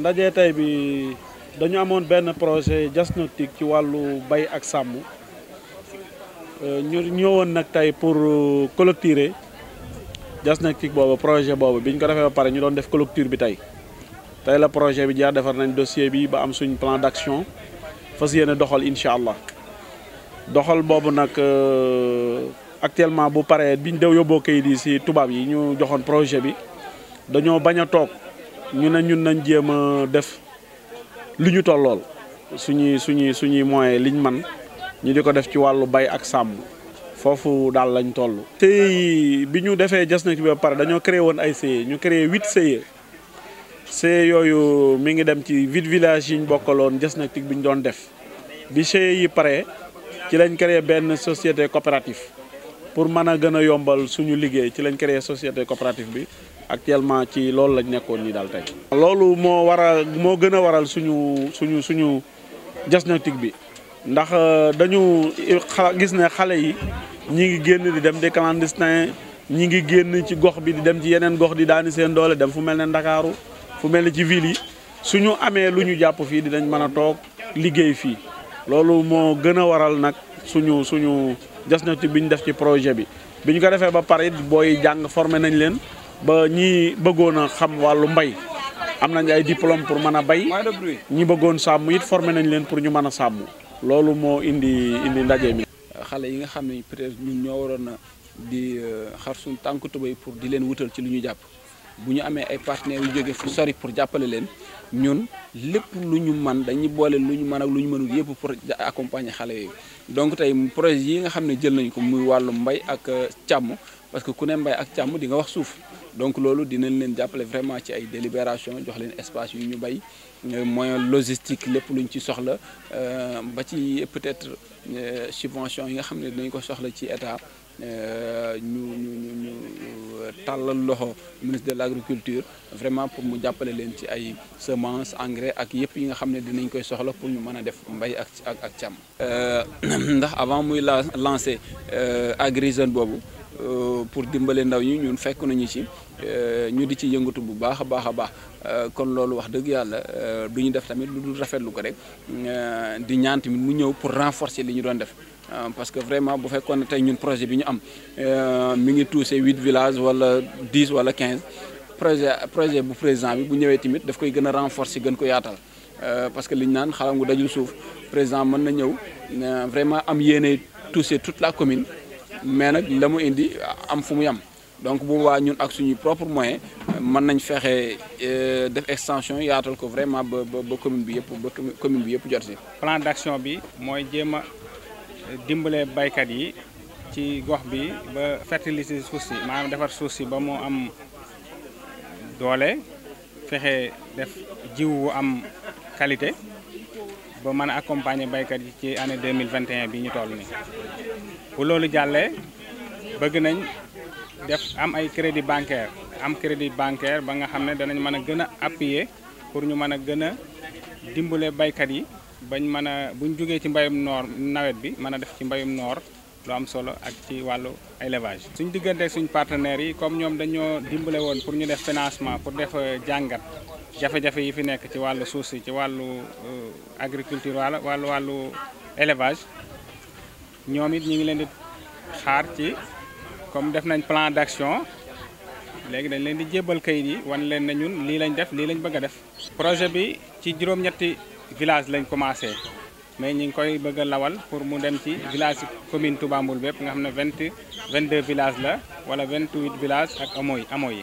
ndaje tey bii dañu amoon benn projet diagnostic ci wàllu bay ak sàmm euh, ñu ñëwoon nag tey pour euh, clôturer diagnostic boobu projet boobu bi ñu ko defee ba pare ñu doon def clôture bi tey tey la projet bi jaar defar nañ dossier bi ba am suñ plan d'action fas yéene doxal incha allah doxal boobu nag euh, actuellement bu paree biñ dew yóbboo kayit yi si tubaab yi ñu joxoon projet bi dañoo bañ a toog. ñu ne ñun nañ jéem a def lu ñu tollool suñuy suñuy suñuy moyens liñ man ñu di ko def ci wàllu bay ak sàmm foofu daal lañ toll. CEE bi ñu defee jas na ci ba pare dañoo créé woon ay CEE ñu créé huit CEE CEE yooyu mi ngi dem ci huit villages yi ñu bokkaloon jas na bi ñu doon def bi CEE yi pare ci lañ créé benn société coopérative pour mën a gën a yombal suñu liggéey ci lañ créé société coopérative bi. actuellement ci loolu lañ nekkoon nii daal tey. loolu moo war a moo gën a waral suñu suñu suñu diagnostic bi ndax euh, dañu xa gis ne xale yi ñi ngi génn di dem di clandestin ñi ngi génn ci gox bi di dem ci yeneen gox di daani seen doole dem fu mel ne Ndakaaru fu mel ne ci ville yi suñu amee lu ñu jàpp fii dinañ mën a toog liggéey fii loolu moo gën a waral nag suñu suñu diagnostic bi ñu def ci projet bi bi ñu ko defee ba pare booy jàng formé nañ leen. ba ñi bëggoon a xam wàllu mbay am nañ ay diplôme pour mën a bay ñi bëggoon sàmm it formé nañ leen pour ñu mën a sàmm loolu moo indi indi ndaje mi. xale yi nga xam ne peut-être ñun ñoo waroon na di euh, xar suñ tànku tubéy pour di leen wutal ci lu ñu jàpp bu ñu amee ay partenaires yu jóge fu sori pour jàppale leen ñun lépp lu ñu man dañuy boole lu ñu mën ak lu ñu mënul yëpp pour accompagner xale yooyu donc tey projet yi nga xam ne jël nañ ko muy wàllu mbay ak euh, càmm parce que ku ne mbay ak càmm di nga wax suuf. donc loolu dinañ leen jàppale vraiment ci ay délibération jox leen espace yu ñu bay euh, moyen logistique lépp luñ ci soxla mba euh, ci peut-être euh, subvention yi nga xam ne dinañ ko soxla ci état ñu ñu ñu tàllal loxo ministre de l'agriculture vraiment pour mu jàppale leen ci ay semence engrais ak yëpp yi nga xam ne dinañ koy soxla pour ñu mën a def mbay ak ak càmm. ndax avant muy la lancer Agri Jeunes boobu. Euh, pour dimbale ndaw ñi ñun fekk nañu ci euh, ñu di ci yëngatu bu baax a baax a baax euh, kon loolu wax dëgg yàlla du ñu def tamit lu dul rafetlu ko rek di ñaan tamit mu ñëw pour renforcer li ñu doon def parce que vraiment bu fekkoon ne tey ñun projet bi ñu am mu ngi touché huit village wala dix wala quinze projet projet bu président bi bu ñëwee tamit daf koy gën a renforcer gën ko yaatal parce que li ñu naan xalangu dajul suuf président mën na ñëw vraiment am yéene touché toute la commune. mais nag la mu indi am fu mu yem donc bu waa ñun ak suñuy propre moyen mën nañ fexe euh, def extension yaatal ko vraiment ba ba commune bi yëpp ba commune bi yëpp jot si. plan d'action bi mooy jéem a dimbale baykat yi ci gox bi ba fertiliser suuf yi maa defar suuf si ba mu am doole fexe def jiw wu am qualité ba mën a baykat yi ci année 2021 bi ñu toll nii. bu loolu jàllee bëgg nañ def am ay crédit bancaire am crédit bancaire ba nga xam ne danañ mën a gën a appuyer pour ñu mën a gën a dimbale baykat yi bañ mën a buñ jógee ci mbayum noor nawet bi mën a def ci mbayum noor lu am solo ak ci wàllu élevage. suñ diggante suñ partenaires yi comme ñoom dañoo dimbale woon pour ñu def financement pour def euh, jàngat jafe-jafe yi fi nekk ci wàllu suuf si ci wàllu euh, agriculture wàllu wàllu wàllu élevage. ñoom it ñu ngi leen di xaar ci comme def nañ plan d'action léegi dañ leen di jébbal kayit yi wan leen na ñun lii lañ def lii lañ bëgg a def. projet bi ci juróom-ñetti village lañ commencé mais ñu ngi koy bëgg a lawal pour mu dem ci village commune Touba Mboul bépp nga xam ne vingt vingt deux villages la wala vingt huit villages ak amoo yi amoo yi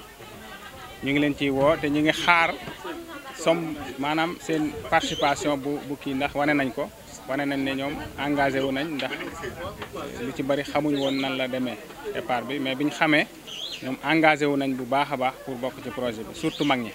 ñu ngi leen ciy woo te ñu ngi xaar. somme maanaam seen participation bu bu kii ndax wane nañ ko wane nañ ne ñoom engagé wu nañ ndax lu ci bëri xamuñ woon nan la demee départ bi mais bi ñu xamee ñoom engagé wu nañ bu baax a baax pour bokk ci projet bi surtout mag ñi